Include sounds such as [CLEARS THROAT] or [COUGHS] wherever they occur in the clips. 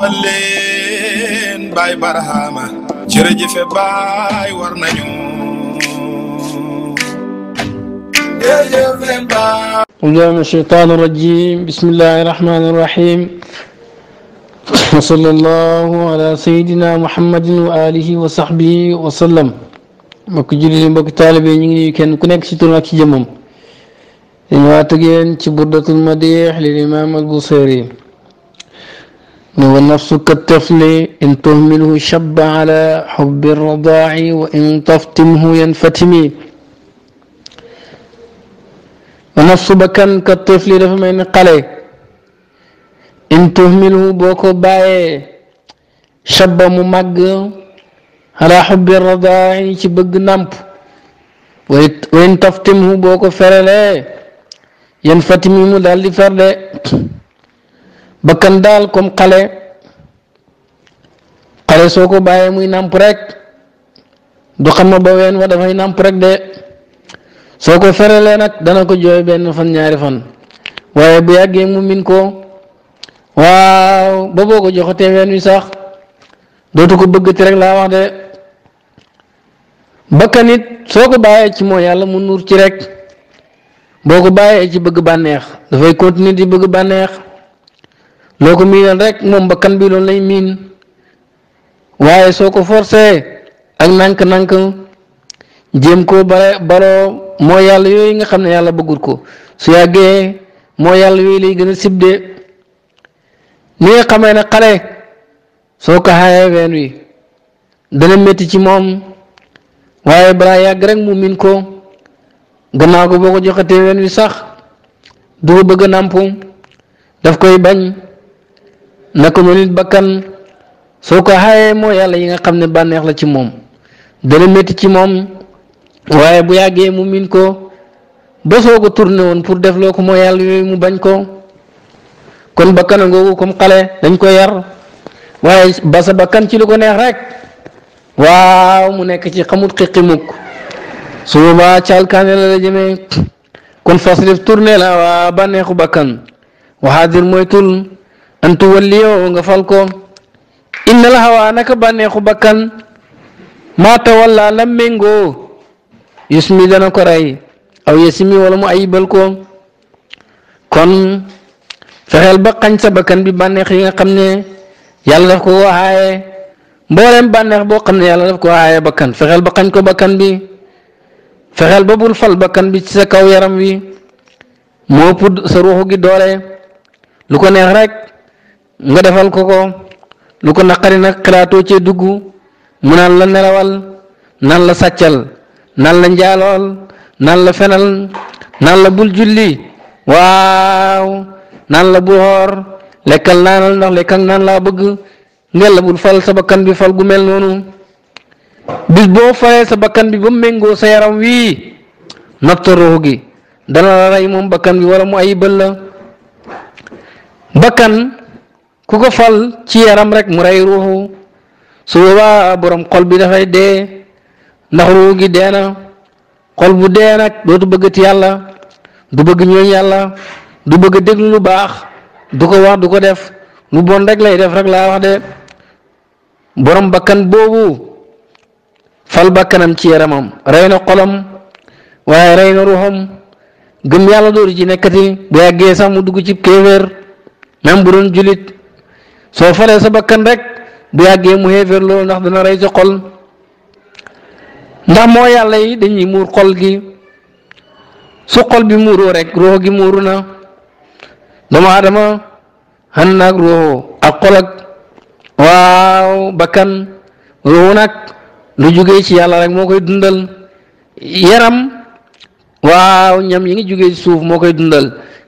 walen bay barahama jere jefe bay war nañu بسم الشيطان الرجيم بسم الله الرحمن الرحيم وصلى الله على سيدنا محمد وآله وصحبه وسلم مكو جيري مك طالبين ني كين كو نيك سي تورنا سي جيمم ني واتو جين سي بردت المديح للامام البصيري والنفس كالطفل إن تهمله شب على حب الرضاع وإن تفتمه ينفتمي ونفس بكن كالطفل دفما قلي إن تهمله بوكو باي شب ممق على حب الرضاع تبق نمب وإن تفتمه بوكو فرلي ينفتمي مدال فرلي bakkan daal comme xale xale soo ko bàyyee muy nàmp rek du xam ma ba ween wa dafay nàmp rek de soo ko ferelee nag dana ko jooy benn fan ñaari fan waaye bu yàggee mu min ko waaw ba boo ko joxatee ween wi sax dootu ko bëggati rek laa wax de bakkan it soo ko bàyyee ci moo yàlla mu nuur ci rek boo ko bàyyee ci bëgg bànneex dafay continuer di bëgg bànneex loo ko miinoon rek moom bakkan bi loolu lay miin waaye soo ko forcé ak nànk nank jéem ko bare baroo moo yàlla yooyu nga xam ne yàlla bëggul ko su yàggee moo yàlla yooyu lay gën a sibde ni nga xamee ne xale soo ko xaayee wi dana métti ci moom waaye balaa yàgg rek mu miin ko gannaaw ko boo ko joxatee ween wi sax du ko bëgg a nàmpu daf koy bañ naka noonu it bakkan soo ko xaayee moo yàlla yi nga xam ne bànneex la ci moom dana métti ci moom waaye bu yàggee mu miin ko ba soo ko tourné woon pour def loo ko moo yàlla yooyu mu bañ ko kon bakkan a ngoogu comme xale dañ ko yar waaye ba bakkan ci lu ko neex rek waaw mu nekk ci xamut xiqi mukk su boobaa caalkaane la la jëmee kon fas def tourné la waa bànneexu bakkan waxaadir mooy tul antu waliyo nga falko ko innal hawa anaka bànneexu ya khubakan maa tawalla lam mengo yusmi dana ko ray aw yasimi wala mu aybal ko kon fexel ba xagn sa bakkan bi bànneex yi nga xamne yalla daf ko waxaye mbolem bànneex bo xamne yalla daf ko waxaye bakkan fexel ba xagn ko bakkan bi fexel ba bul fal bakan bi ci sa kaw yaram wi mo pud sa ruhu gi dole lu ko neex rek nga defal ko ko lu ko naqari nag xalaatoo cee dugg mu naan la nelawal naan la sàccal naan la njaalool naan la fenal naan la bul julli waaw naan la bu xoor lekkal naanal ndox lekkal naan laa bëgg ngel la bul fal sa bakkan bi fal gu mel noonu bis boo falee sa bakkan bi ba méngoo sa yaram wii natta ruux gi dana la rey bakkan bi wala mu ayibal la bakkan ku ko fal ci yaram rek mu ray ruuxu su boobaa borom xol bi dafay dee ndax ruux gi dee na xol bu dee nag dootu bëggati yàlla du bëgg ñooñ yàlla du bëgg a lu baax du ko wax du ko def lu bon rek lay def rek laa wax de borom bakkan boobu fal bakkanam ci yaramam rey na xolam waaye rey na ruuxam gëm yàlla dootu ci nekkati bu yàggee sax mu dugg ci kéeféer même bu julit soo faree sa bakkan rek bu yàggee mu xéeféer loolu ndax dana rey sa xol ndax moo yàlla yi dañuy muur xol gi su bi muuroo rek ruux gi muuru na doomu aadama xan ruuxu ak xol waaw bakkan ruuxu nag lu jugee ci yàlla rek moo koy dundal yaram waaw ñam yi ngi jugee ci suuf moo koy dundal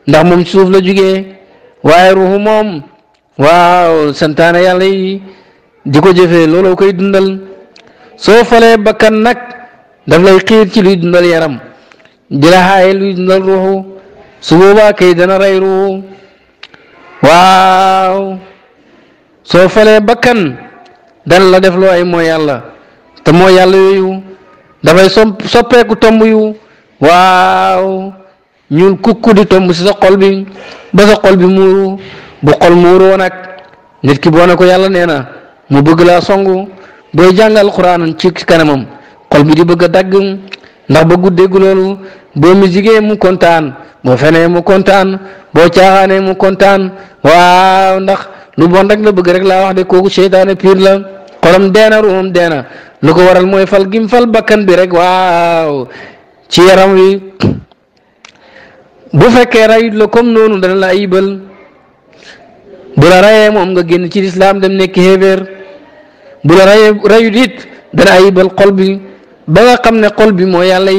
ndax moom suuf la jugee waaye ruuxu moom waaw santaane yàlla di ko jëfe looloo koy dundal soo falee bakkan nag daf lay xiir ci luy dundal yaram di la xaaye luy dundal ruuxu su kay dana rey ruuxu waaw soo falee bakkan dan la def loo ay mooy yàlla te mooy yàlla yooyu dafay soppeeku tomb yu waaw ñuul kukku di tomb si sa bi ba sa muuru bu xol muuroo nag nit ki boo ko yàlla nee na mu bëgg laa songu booy jàngal alxuraan ci kanamam xol bi di bëgg a dagg ndax bëggu dégg loolu boo misigee mu kontaan boo fenee mu kontaan boo caaxaanee mu kontaan waaw ndax lu bon rek la bëgg rek laa wax de kooku seytaane piir la xolam deena ruumam deena lu ko waral mooy fal gim fal bakkan bi rek waaw ci yaram wi bu fekkee rayut la comme noonu dana la ayibal bu la moom nga génn ci lislaam dem nekk xéeféer bu la rayee rayut dana ayibal xol bi ba xam ne xol bi moo yàlla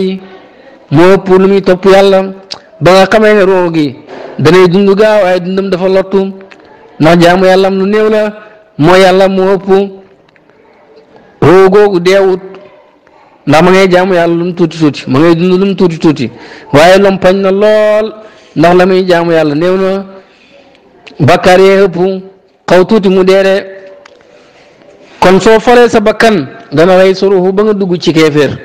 moo ëpp lu muy topp yàlla ba nga xamee ne roo gi danay dund gaaw waaye dundam dafa lottu ndax jaamu yàlla lu néew moo yàlla moo ëpp roo googu deewut ndax ma ngay jaamu yàlla lu tuuti tuuti ma ngay dund tuuti tuuti waaye lompañ na lool ndax la muy jaamu yàlla néew bakkaar yee ëpp xaw tuuti mu deere kon soo foree sa bakkan dana rey sa ba nga dugg ci keefeer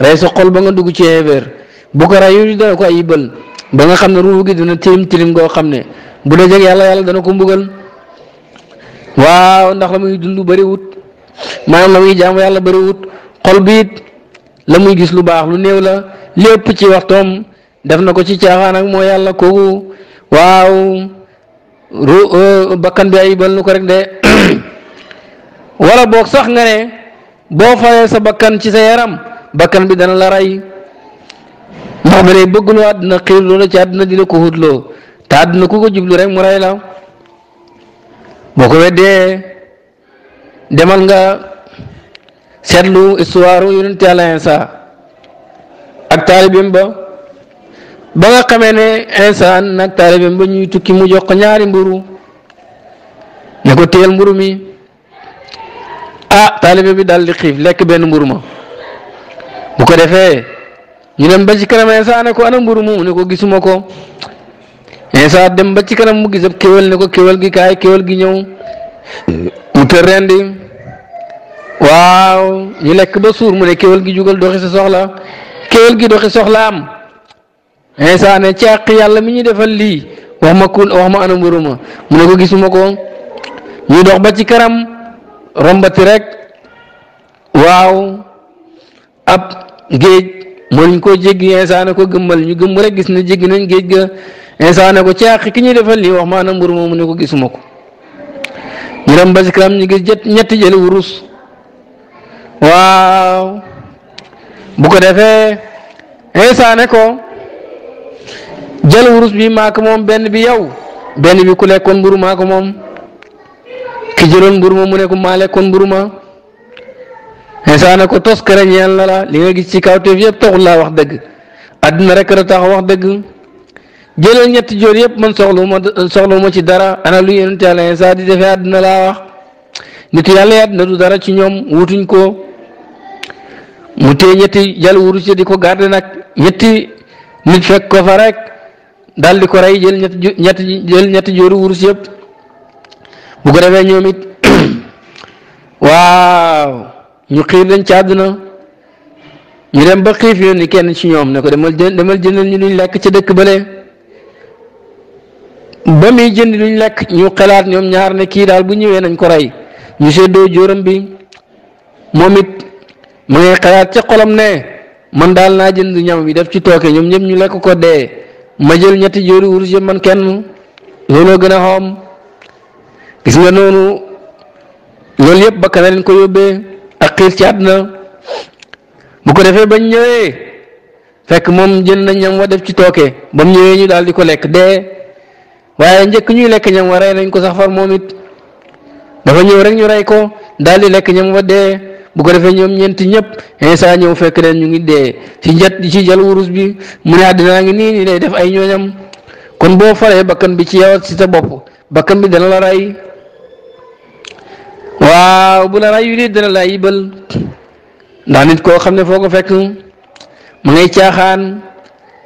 rey sa xol ba nga dugg ci keefeer bu ko rey dana ko ayibal ba nga xam ne ruuxu gi dana tilim tilim goo xam ne bu dee jeg yàlla yàlla dana ko mbugal waaw ndax la muy dund bëri wut maanaam la muy yàlla bëri wut xol la muy gis lu baax lu néew la lépp ci waxtoom def na ko ci caaxaan moo yàlla kooku waaw ru bakkan bi ayibal nu ko rek de [CLEARS THROAT] wala boog sax nga ne boo falee sa bakkan ci sa yaram bakkan bi dana la rey ndax da lay bëgg loo àddina xiir loola ci àddina di la ko xutloo te àddina ku ko jublu rek mu rey la boo ko weddee demal nga seetlu histoire yonent Yàlla Iisaa ak taalibeem ba ba nga xamee ne insaan nag taalibeem ba ñuy tukki mu jox ko ñaari mburu ne ko téyel mburu mi ah taalibe bi daal di lekk benn mburu ma bu ko defee ñu dem ba ci kanam insaan ne ko ana mburu mu ne ko gisuma ko insaan dem ba ci kanam mu gis ab kéwél ne ko kéwél gi kaay kéwél gi ñëw mu tër rendi waaw ñu lekk ba suur mu ne kéwél gi jugal doxi sa soxla kéwél gi doxi soxla Insa ne ci àq yàlla mu ñu defal lii wax ma kun wax ma ana mburuma mu ne ko gisuma ko ñu dox ba ci kanam rombati rek waaw ab géej mënuñ koo jéggi Insa ne ko gëmmal ñu gëmm rek gis na jéggi nañ géej ga Insa ko ci ki ñu defal lii wax ma ana mburuma mu ne ko gisuma ko ñu dem ba ñu gis ñetti jëli wurus waaw bu ko defee Insa ko. jël wurus bi maak moom benn bi yow benn bi ku lekkoon mburu maa ko moom ki jëloon mburu moom mu ne ko maa lekkoon mburu ma insaana ko tos kër ñeel na la li nga gis ci kaw teef yëpp taxul laa wax dëgg àdduna rek la tax wax dëgg jëlal ñetti joor yëpp man soxluma soxluma ci dara ana lu yonent yàlla insa di defee àdduna laa wax nit yàlla àdduna du dara ci ñoom wutuñ ko mu téye ñetti jal wurus di ko garde nag ñetti nit fekk ko fa rek. daal ko rey jël ñett ju ñetti jël ñetti jóoru wurus yëpp bu ko defee ñoom it [CLEARS THROAT] waaw ñu xiir leen ci àdduna ñu dem ba xiif yoon ni kenn ci ñoom ne ko demal jë demal jëndal ñu luñ lekk ca dëkk bële ba muy jënd luñ lekk ñu xalaat ñoom ñaar ne kii daal bu ñëwee nañ ko rey ñu seddoo jóoram bi moom it mu ngay xalaat ca xolam ne man daal naa jënd ñam wi def ci tooke ñoom ñëpp ñu lekk ko dee. ma jël ñetti joori wurus yëpp man kenn looloo gën a xoom gis nga noonu loolu yëpp bakka na ko yóbbee ak xiir ci àdduna bu ko defee bañ ñëwee fekk moom jën nañ ñam wa def ci tooke ba mu ñëwee ñu daal di ko lekk dee waaye njëkk ñuy lekk ñam wa rey nañ ko sax moom it ñu rey ko daal lekk ñam wa dee bu ko defee ñoom ñeenti ñëpp Insa eh, ñëw fekk leen ñu ngi dee ci njat ci jal wurus bi mu ne àddinaa ngi nii ni lay def ay ñooñam kon boo faree bakkan bi ci yow ci sa bopp bakkan bi dana la ray waaw bu la rayu de dana la yibal ndax nit koo xam ne foo ko fekk ma ngay caaxaan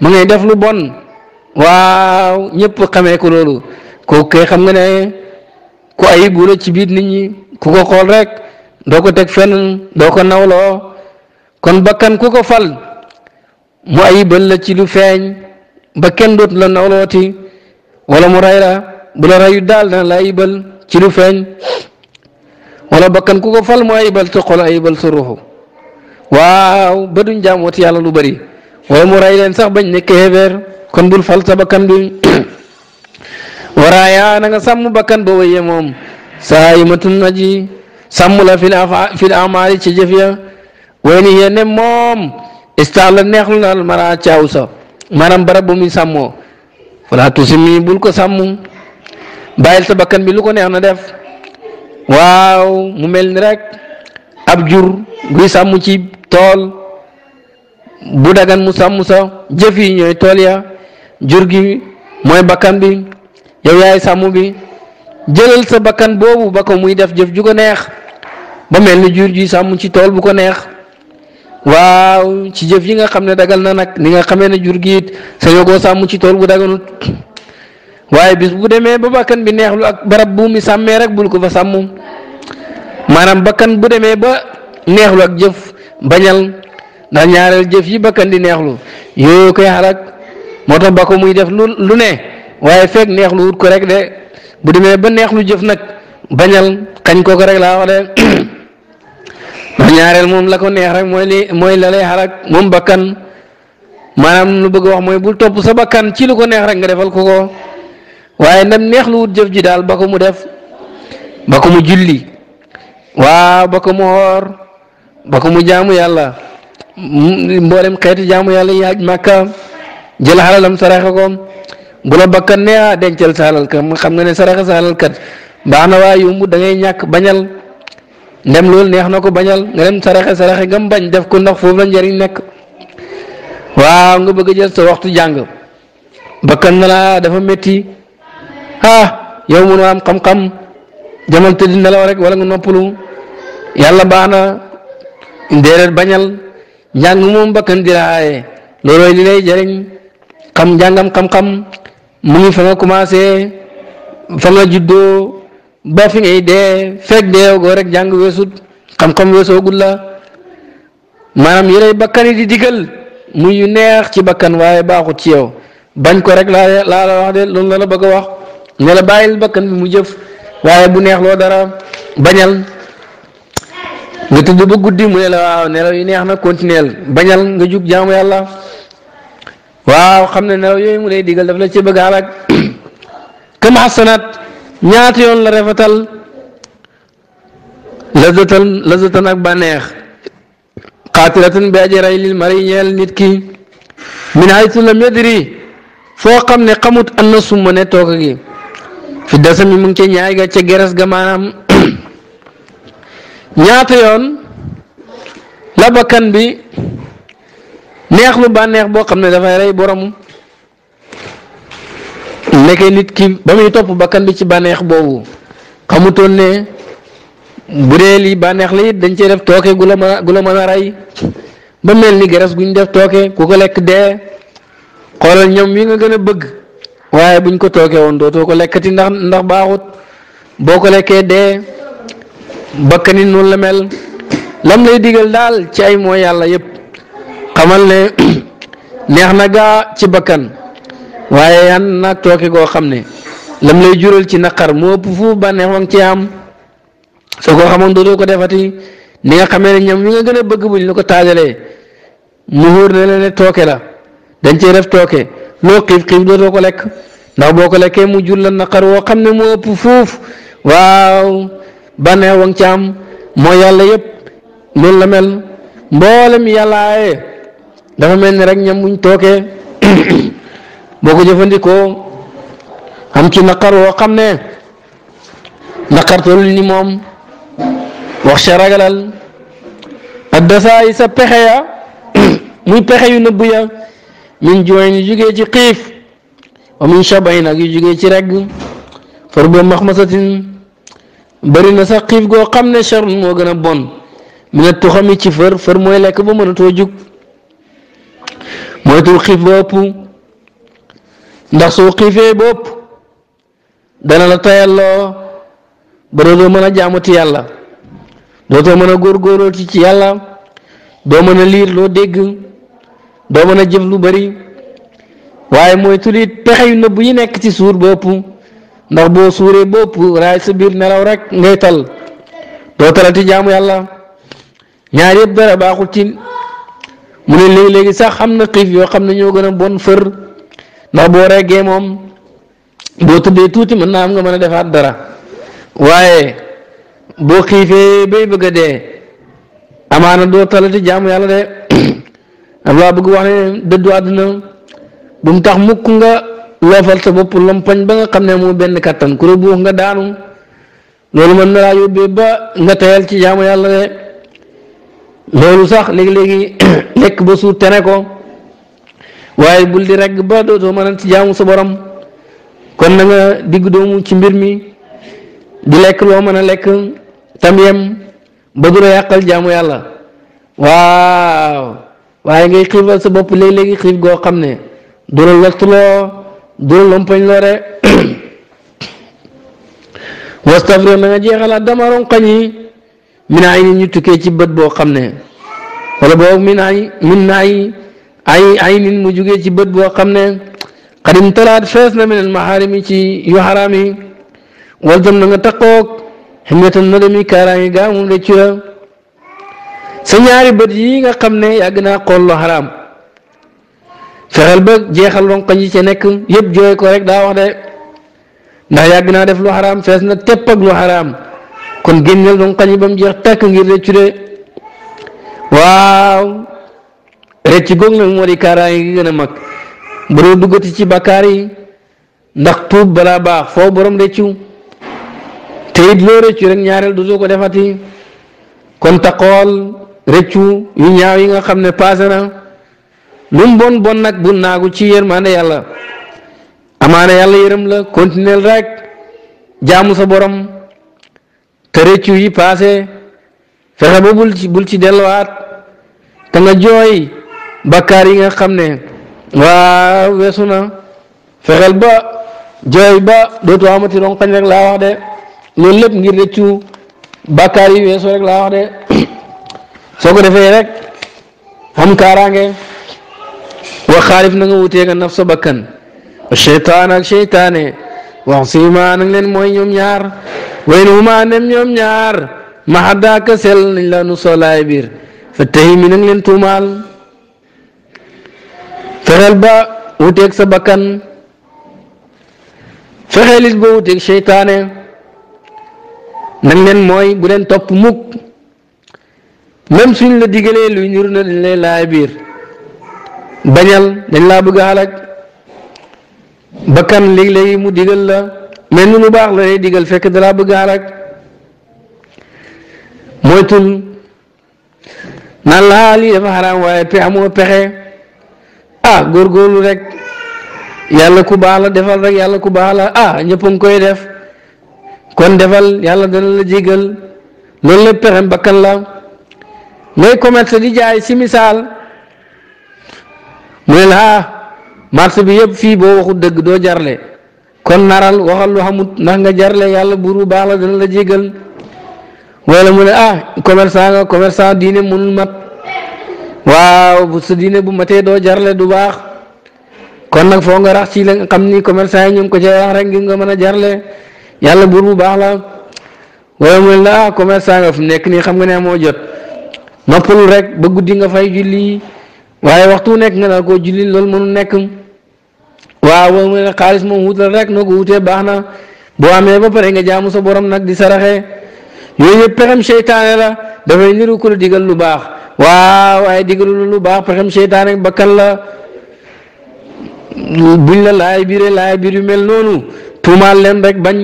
ma ngay def lu bon waaw ñëpp xamee ko loolu ko kay xam nga ne ku ayib la ci biir nit ñi ku ko xool rek. doo ko teg fenn doo ko kon bakkan ku ko fal mu ayibal la ci lu feeñ ba kenn dootu la nawlooti wala mu ray la rayu daal dana la ayibal ci lu feeñ wala bakkan ku ko fal mu ayibal sa xol ayibal sa ruuxu waaw ba duñ jaamooti yàlla lu bari wala mu ray leen sax bañ nekk xeebeer kon bul fal sa bakkan bi [COUGHS] waraayaa na nga sàmm bakkan ba wéyee moom saa yi matun na sàmm la fil fil amaali ci jëf ya way ni yéen ne moom istaala neexlu na almara caaw sa maanaam barab bu muy sàmmoo wala tusimi bul ko sàmm bàyyil sa bakkan bi lu ko neex na def waaw mu mel ni rek ab jur guy sàmm ci tool bu dagan mu sàmm sa jëf ñooy tool ya jur gi mooy bakkan bi yow yaay sàmm bi jëlal sa bakkan boobu ba ko muy def jëf ju ko neex ba mel ni jur ji sàmm ci tool bu ko neex waaw ci jëf yi nga xam ne dagal na nag ni nga xamee ne jur gi it sa yogoo sàmm ci tool bu daganut waaye bis bu demee ba bakkan bi lu ak barab bu mi sàmmee rek bul ko fa sàmm maanaam bakkan bu demee ba lu ak jëf bañal ndax ñaareel jëf yi bakkan di neexlu yooyu koy xalak moo tax ba ko muy def lu lu ne waaye fekk neexlu wut ko rek de bu demee ba neex lu jëf nag bañal kañ kooku rek laa wax de [CLEARS THROAT] ñaareel moom la ko neex rek mooy li mooy la lay xarak moom bakkan maanaam lu bëgg wax mooy bul topp sa bakkan ci lu ko neex rek nga defal ko ko waaye nam neex lu wut jëf ji daal ba ko mu def ba ko mu julli waaw ba ko mu xoor ba ko mu jaamu yàlla mboolem xeeti jaamu yàlla yaaj jël xalalam saraxe ko bu bakka bakkan ne ah dencal sa alal ka xam nga ne saraxa sa kat baax na waa yumb da ngay ñàkk bañal ndem loolu neex na ko bañal nga dem saraxe saraxe def ko ndax foofu la njëriñ nekk waaw nga bëgg a jël sa waxtu jàng bakkan na la ah, dafa metti ah yow mënoo am xam-xam jamal tëdd nelaw rek wala nga noppalu yàlla baax na déedéet bañal njàng moom bakkan di la aaye loolooy li lay jëriñ xam njàngam mu ngi fa nga commencé fa nga juddoo ba fi ngay dee fekk deewagoo rek jàng weesut xam-xam weesoogul la maanaam yëlay bakkan yi di digal muy yu neex ci bakkan waaye baaxut ci yow bañ ko rek laa laa la wax de loolu la la bëgg wax ne la bàyyil bakkan bi mu jëf waaye bu neex loo dara bañal nga tëdd ba guddi mu ne la waaw ne la yu neex na continuel bañal nga jug jaamu yàlla waaw xam ne na yooyu mu lay digal daf la ci bëgg alak [COUGHS] kam xasanat ñaata yoon la rafetal lazatan lazatan ak bànneex xaatiratan bi aji rey lil mari nit ki min haytu lam yadri foo xam ne xamut an na summa ne toog gi fi dasami mu ngi ca ñaay ga ca geres ga maanaam [COUGHS] ñaata yoon la bakkan bi neex lu bànneex boo xam ne dafay rey borom nekkee nit ki ba muy topp bakkan bi ci bànneex boobu xamutoon ne bu dee lii bànneex la it dañ cee def tooke gu la mën a gu la rey ba mel ni garas ñu def tooke ku ko lekk dee xoolal ñoom yi nga gën a bëgg waaye buñ ko tooke woon dootoo ko lekkati ndax ndax baaxut boo ko lekkee dee bakkanit noonu la mel lam lay digal daal ci ay mooy yàlla yépp xamal ne [CLEARS THROAT] neex na gaa ci bakkan waaye yan nag tooke goo xam ne lam lay jural ci naqar moo ëpp fu bànneex wang ci am soo ko xamoon dootoo ko defati ni nga xamee ne ñam wi nga gën a bëgg buñ la ko taajalee mu wóor ne la ne tooke la dañ cee def tooke loo xiif xiif dootoo ko lekk ndax boo ko lekkee mu jur la naqar woo xam ne moo ëpp fuuf waaw bànneex wang ci am mooy yàlla yëpp noonu la mboolem yàllaaye dafa mel ni rek ñam muñ tookee [COUGHS] boo ko jëfandikoo am ci naqar woo xam ne naqar tolul ni moom wax ca ragalal ak sa pexe ya [COUGHS] muy pexe yu nëbb ya min jooyn yu jugee ci xiif wa min shabayn ak yu jugee ci regg farbe maxmasatin bëri na sax xiif goo xam ne charun moo gën a bon mi ne tuxami ci fër fër mooy lekk ba mënatoo jug moytul xiif ba ëpp ndax soo xiifee ba ëpp dana la tayalloo ba dootoo mën a jaamuti yàlla dootoo mën a góor góorgóorloo ci yàlla doo mën a liir loo dégg doo mën a jëf lu bari waaye mooy it pexe yu nëbb yi nekk ci suur ba ëpp ndax boo suuree ba ëpp sa biir nelaw rek ngay tal doo talati jaamu yàlla ñaar yëpp dara baaxul ci mu ne léegi-léegi sax xam na xiif yoo xam ne ñoo gën a bon fër ndax boo reggee moom boo tëddee tuuti mën naa am nga mën a defaat dara waaye boo xiifee bay bëgg a dee amaana doo talati jaamu yàlla de [CLEARS THROAT] am laa bëgg wax ne dëddu àdduna bu mu tax mukk nga loofal sa bopp lompañ ba nga xam ne moo benn kattan ku rebuux nga daanu loolu mën na laa yóbbee ba nga tayal ci jaamu yàlla de loolu sax léegi-léegi [CLEARS THROAT] lekk ba suur tere ko waaye bul di rekk ba dootoo mën a ci jaamu sa borom kon na digg doomu ci mbir mi di lekk loo mën a lekk tam yem ba du la yàqal jaamu yàlla waaw waaye ngay xiifal sa bopp léegi-léegi xiif goo xam ne du la lottuloo du lompañ loore [CLEARS THROAT] wastafre na nga jeexalaat dama ronkañ yi min ay ni ñu tukkee ci bët boo xam ne wala boog min ay min ay ay ay ci bët boo xam ne xadim talaat fees na minel maxaarim yi ci yu xaraam yi wal jëm na nga taqoog ximmetan na demi kaaraange gaa moom rëccu la sa ñaari bët yi nga xam ne yàgg naa xool lu xaraam fexeel ba jeexal ronkoñ yi ca nekk yëpp jooy ko rek daa wax de ndax yàgg naa def lu xaraam fees na tepp lu xaraam kon génneel dong xañ ba mu jeex tàkk ngir rëccu de waaw rëcc goog nag moo di kaaraange gi gën a mag bu doo ci bakkaar yi ndax tuub balaa baax foo borom rëccu te it loo rëccu rek ñaareel du ko defati kon taxool rëccu yu ñaaw yi nga xam ne passé na lu mu bon bon nag bu naagu ci yërmaande yàlla amaana yàlla yërëm la continuer rek jaamu borom. te réccu yi passé fexe ba bul ci bul delluwaat te nga jooy bakkaar yi nga xam ne waaw weesu na fexeel ba jooy ba dootu amati ronkañ rek laa wax de loolu lépp ngir réccu bakkaar weeso weesu laa wax de [CLEARS THROAT] soo ko defee rek am kaaraange wa xaalif na nga wuteega naf sa bakkan cheytaan ak cheytaane wax si ma nag leen mooy ñoom ñaar wayna huma nem ñoom ñaar maxadaaka sel nañ la nu solaay biir fa tey mi leen tuumaal fexeel ba wuteeg sa bakkan fexel it ba wuteeg seytaane nag leen mooy bu leen topp mukk même suñ la digalee luy niru na dañ lay laay biir bañal dañ laa bëgg a bakkan léegi-léegi mu digal la mel ni lu baax la lay digal fekk dalaa bëgg xarak moytul naan laa ah, lii dafa xaraam waaye pe amoo pexe ah góorgóorlu rek yàlla ku baax la defal rek yàlla ku baax la ah ñëpp koy def kon defal yàlla dana la jégal loolu la pexe bakkan la ngay commerce di jaay si misaal mu ne la ah, marché bi yëpp fii boo waxul dëgg doo jarle kon naral waxal lu xamut ndax nga jarle yàlla buru baax la dana la jégal wala mu ne ah commerçant nga commerçant diine mënul mat waaw bu sa doo jarle du baax kon nag foo nga rax ci la xam ni commerçant yi ñu ngi ko ca rax rek nga mën a jarle yàlla buru baax la wala mu ne la ah nekk nii xam nga ne moo jot noppalu rek ba guddi nga fay julli waaye waxtu nekk nga naa koo julli loolu mënul nekk waaw moom mu ne xaalis moom wut la rek noo ko wutee baax na boo amee ba pare nga jaamu sa borom nag di saraxee yooyu yëpp pexem seytaane la dafay niru ku digal lu baax waa waaye digalul lu baax pexem seytaane bakan la buñ la laay biire laay biir yu mel noonu tuumaal leen rek bañ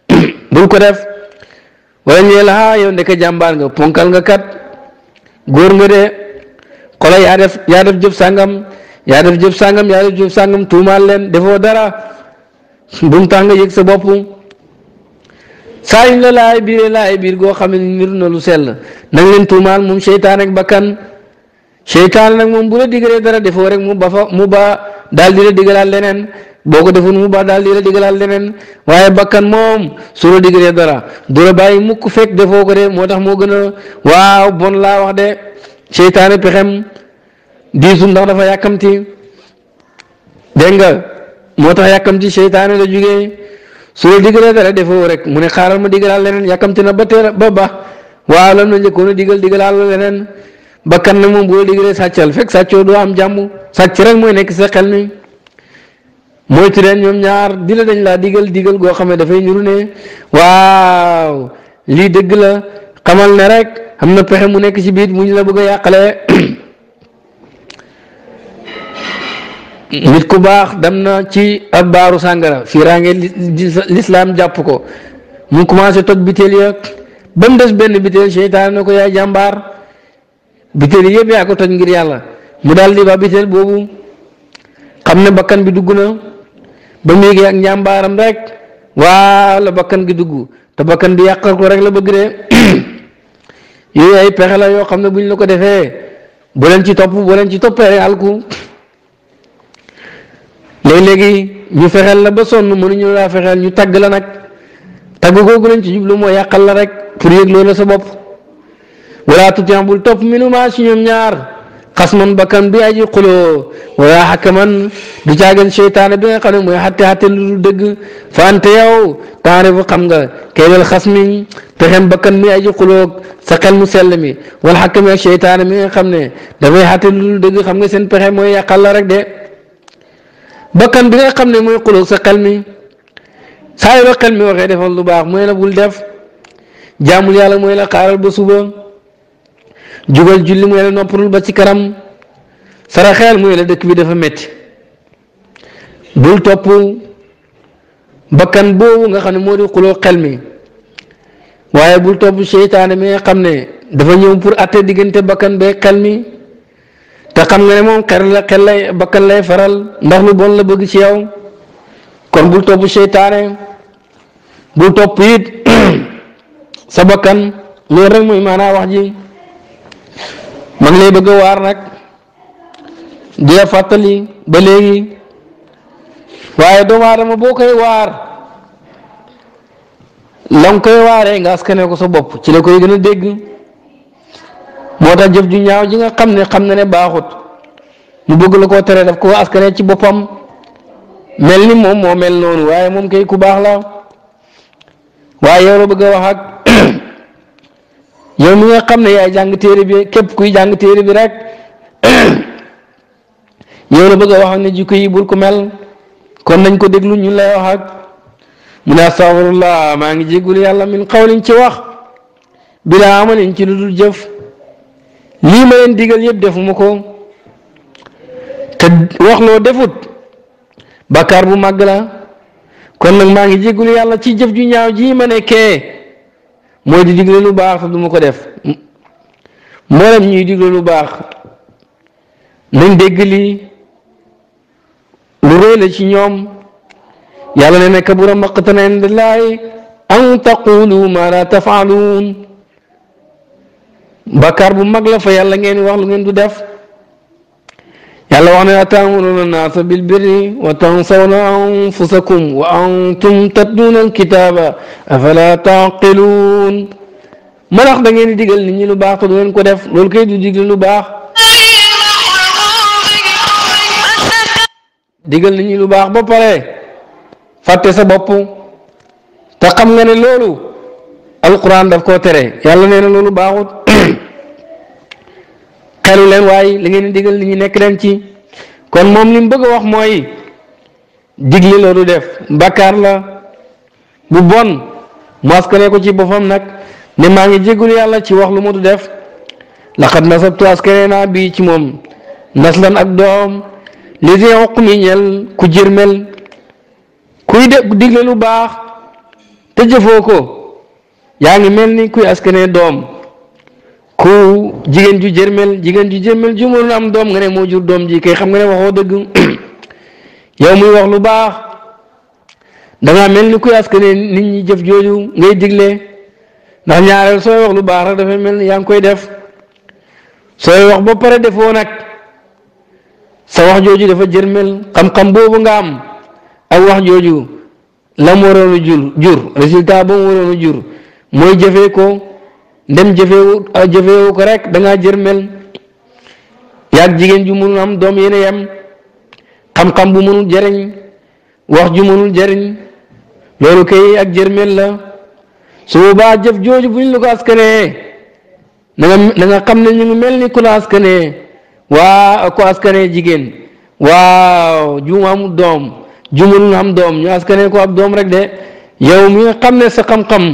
[COUGHS] bul ko def wala ñu la ah yow ndeke jàmbaar nga ponkal nga kat góor nga de xoolal yaa def yaa def sàngam yaa def jëf sàngam yaa def sàngam tuumaal leen defoo dara bumu tax nga yëg sa bopp saa la laay biiree laay biir goo xam ne niru na lu sell nang leen tuumaal moom seytaan ak bakkan seytaan nag moom bu la digalee dara defoo rek mu ba fa mu ba daal di la digalaat leneen boo ko defoon mu ba daal di la digalaat leneen waaye bakkan moom su la dara du la bàyyi mukk fekk defoo ko de moo tax moo gën a waaw bon laa wax de seytaane pexem Diz um dava vai a camti. Denga. Mota ya kamti shaitan da juge. Sura digre da da forek. Mune kharal ma digral lenen ya kamti na bater baba. Wa alam ne ko digal digal lenen. bakkan na moom boo digalee sàccal fekk sàccoo doo am jàmm sàcc rek mooy nekk sa xel ni moytu leen ñoom ñaar di la dañ laa digal digal goo xam ne dafay ñuru ne waaw lii dëgg la xamal ne rek am na pexe mu nekk ci biir mu ñu la bëgg a yàqale nit ku bax dem na ci ab sangara fi rangé l'islam japp ko mu commencé tok bitel yak bam dess ben bitel nako ya ko bitel yeb ya ko tok ngir yalla mu daldi di ba bitel bobu xamne bakkan bi duguna ba mu ak njàmbaaram rek wa la bakkan gi duggu te bakkan bi yakal ko rek la bëgg de [CLEARS THROAT] yoy ay pexela yo xamne buñ la ko defé bu len ci top bu len ci alku léegi-léegi ñu fexeel la ba sonn mënuñu laa fexeel ñu tagg la nag tagg googu lañ ci jublu moo yàqal la rek pour yëg loolu sa bopp wala tutin bul topp minuma si ñoom ñaar xas man bakkan bi aji xuloo wala xakaman du caagen seytaane bi nga xam ne mooy xatte xatte lu dëgg fa ante yow taare bu xam nga keydal xas mi bakkan bi aji xuloo sa mu sell mi wala xakami ak seytaane nga xam ne dafay xatte lu dëgg xam nga seen pexe mooy yàqal la rek de bakkan bi nga xam ne mooy xulóog sa xel mi saa yoo xel mi waxee defal lu baax mooy la bul def jaamul yàlla mooy la xaaral ba suba jugal julli mooy la noppalul ba ci kanam sara xeel mooy la dëkk bi dafa metti bul topp bakkan boobu nga xam ne moo di xulóog xel mi waaye bul topp seytaane mi nga xam ne dafa ñëw pour atte diggante bakkan bee xel mi te xam nga ne moom xel lay bakkan lay faral ndax lu bon la bëgg ci yow kon bul topp seytaane bul topp it [CLEARS THROAT] sa bakkan loolu rek mooy maanaa wax ji ma ngi lay bëgg a waar nag di la fàttali ba léegi waaye doomu aadama boo koy waar la nga koy waaree nga ko sa bopp ci la koy gën a moo tax jëf ju ñaaw ji nga xam ne xam na ne baaxut mu bëgg la koo tere daf ko askane ci boppam mel ni moom moo mel noonu waaye moom kay ku baax la waaye yow la bëgg a wax ak [CLEARS THROAT] yow mi nga xam ne yaay jàng téere bi képp kuy jàng téere bi rek [CLEARS THROAT] yow la bëgg ne jikko yi bul ko mel kon nañ ko déglu ñun lay wax ak mu ne astafirullah maa ngi jégul yàlla min xawlin ci wax bila amalin ci lu dul jëf lii ma leen digal yëpp defuma ko te wax loo defut bàkkaar bu màgg la kon nag maa ngi jéggulu yàlla ci jëf ju ñaaw ji ma nekkee mooy di digle lu baax te duma ko def mboolem ñuy digle lu baax nañ dégg lii lu rëy ci ñoom yàlla ne na kabura maqtan inda llaahi an taqulu ma la tafaaluun Bakar bu mag la fa yalla ngeen wax lu ngeen du def Yalla wax na ta'muruna naasa bil birri wa tansawna anfusakum wa antum al kitaba afala taqiluun manax da ngeen digal nit ñi lu baax te du ngeen ko def lol kay du digal lu baax digal nit ñi lu baax ba pare fatte sa bop ta xam nga ne loolu alquran daf ko tere yalla neena xelu leen waaye li ngeen digal li ñi nekk leen ci kon moom li mu bëgg a wax mooy digli la du def bakkaar la bu bon mu askane ko ci boppam nag ne maa ngi jéggul yàlla ci wax lu mu du def laqad nasabtu askane naa bii ci moom naslan ak doom li dee xuq ñel ku jërmel kuy de digle lu baax te jëfoo ko yaa ngi mel ni kuy askane doom ku jigéen ju jërmel jigéen ju jërmel ju mënul am doom nga ne moo jur doom ji kay xam nga ne waxoo dëgg [CLEARS THROAT] yow muy wax lu baax dangaa mel ni ku yaas ne nit ñi jëf jooju ngay digle ndax ñaareel soo wax lu baax rek dafay mel ni yaa ngi koy def sooy wax ba pare defoo nag sa wax jooju dafa jërmel xam-xam boobu nga am aw wax jooju la mu waroon a jur jur résultat ba mu jur mooy jëfee ko. ndem jëfeewu ah, jëfeewu rek da ngaa jërmel yaag jigéen ju mënul am doom yéen a yem xam-xam bu mënul jëriñ wax ju mënul jëriñ loolu kay ak jërmel la su boobaa jëf jooju bu ñu la ko askanee na nga na xam ne ñu mel ni ku la askanee waa ku askanee jigéen waaw ju mu amul doom ju mënul am doom ñu askanee ko ab doom rek de yow mi nga xam ne sa xam-xam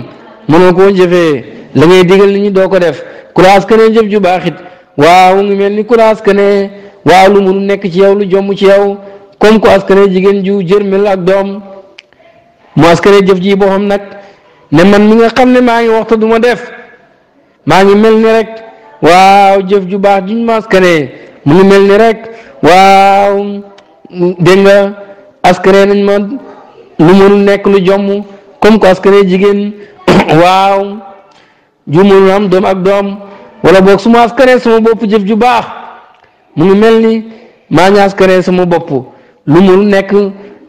mënoo koo jëfee la ngay digal nit ñi doo ko def kuraas ka ne jëf ju baaxit waaw ngi mel ni kuraas ka ne waaw lu mënu nekk ci yow lu jomm ci yow comme ko askane jigéen ju jërmel ak doom mu askane jëf ji boppam nag man mi nga xam ne maa ngi waxta du ma def maa ngi mel ni rek ju baax juñ ma askane mu mel ni rek waaw dégg nga askane nekk lu jomm comme jigéen [COUGHS] waaw jumul na am doom ak doom wala boog su ma askanee sama bopp jëf ju baax mu ngi mel ni maa ngi askanee sama bopp lu mu nekk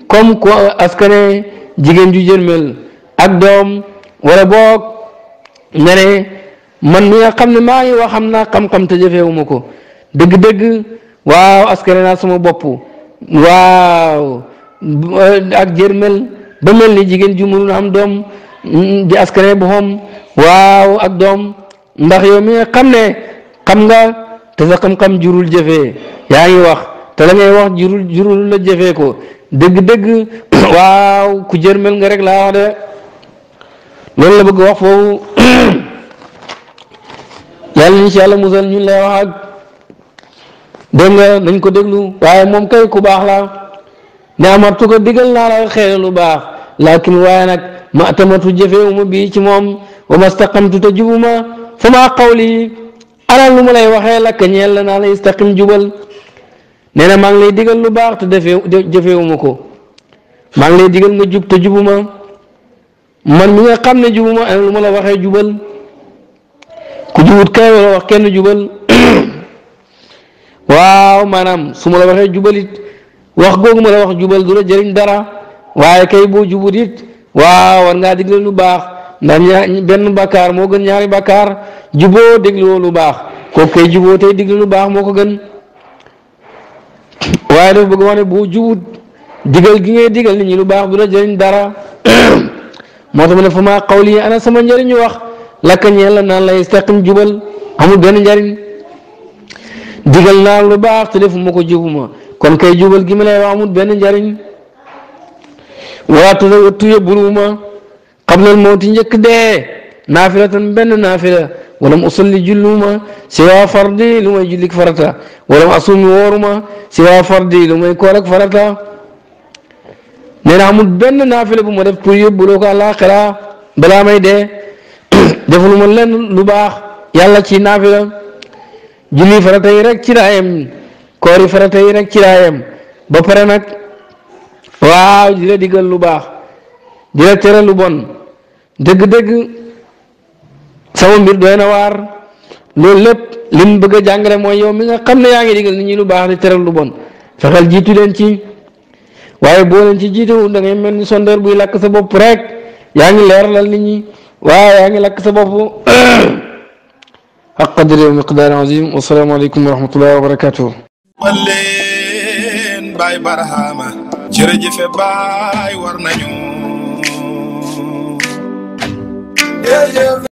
comme ko askanee jigéen ju jërmel ak doom wala boog nga man mi nga xam ne maa ngi wax xam naa xam-xam te jëfeewuma ko dëgg-dëgg waaw askane naa sama bopp waaw ak jërmel ba mel ni jigéen ju mënul am doom di askane boppam waaw ak doom ndax yow mi nga xam ne xam nga te sa xam-xam jurul jëfee yaa ngi wax te la ngay wax jurul jurul la jëfee ko dëgg-dëgg [COUGHS] waaw ku jërmel nga rek laa wax de loolu la bëgg wax foofu la incha allah musal ñun lay wax ak dégg nga ko déglu waaye moom kay ku baax la ne amartu ko digal la xeere lu baax laakin waaye nag ma atamatu jëfeewuma bii ci moom وما استقمت تجبما فما قولي على الملا يوحي لك أن يلنا لا يستقم جبل نينا مان لي ديغل لو باخ تدفي دفي ومكو مان لي ديغل نجب جوب تجبما من مي خامني جبما انا الملا وخي جبل كو جوت كاي ولا وخ كين جبل [COUGHS] واو مانام سوما لا وخي جبليت وخ غوغ ملا وخ جبل دولا جيرين دارا واي كاي بو جبوديت واو وانا ديغل لو باخ ndax benn ya, bakar moo gën ñaari bakkaar juboo dégloo lu baax kooku koy juboo tey déglu lu baax moo ko gën waaye dafa bëgg wax ne bu jubut digal gi ngay digal nit ñi lu baax du la jëriñ dara moo tax ma ne fa maa xawli ana sama njëriñu wax lakka ñeel la naan lay jubal amul benn njëriñ digal naa lu baax te defuma ko jubuma kon kay jubal gi ma lay wax amul benn njëriñ wala tuye buluma qablal mawti njëkk dee naafilatan benn naafila walam usalli julluma siwa fardi lu may jullik farata walam asumi wooruma siwa fardi lu may koor farata nee na amul benn bu ma def pour yóbbuloo ko àllaaxira balaa may dee [CLEARS THROAT] defuluma lenn lu baax yàlla ci naafila julli farata yi rek ci raayam koori farata yi ci raayam ba waaw di la lu baax di la tere lu bon dëgg-dëgg sama mbir doy na waar loolu lépp li mu bëgg a mooy yow mi nga xam ne yaa ngi digal nit ñi lu baax di tere lu bon fexeel jiitu leen ci waaye boo leen ci jiitewul da ngay mel ni sondeur buy lakk sa bopp rek yaa ngi leeralal nit ñi waaye yaa ngi lakk sa bopp [COUGHS] ak qadri miqdaar azim wasalaamaaleykum wa rahmatullahi wa barakatuh walleen war nañu Yeah, yeah.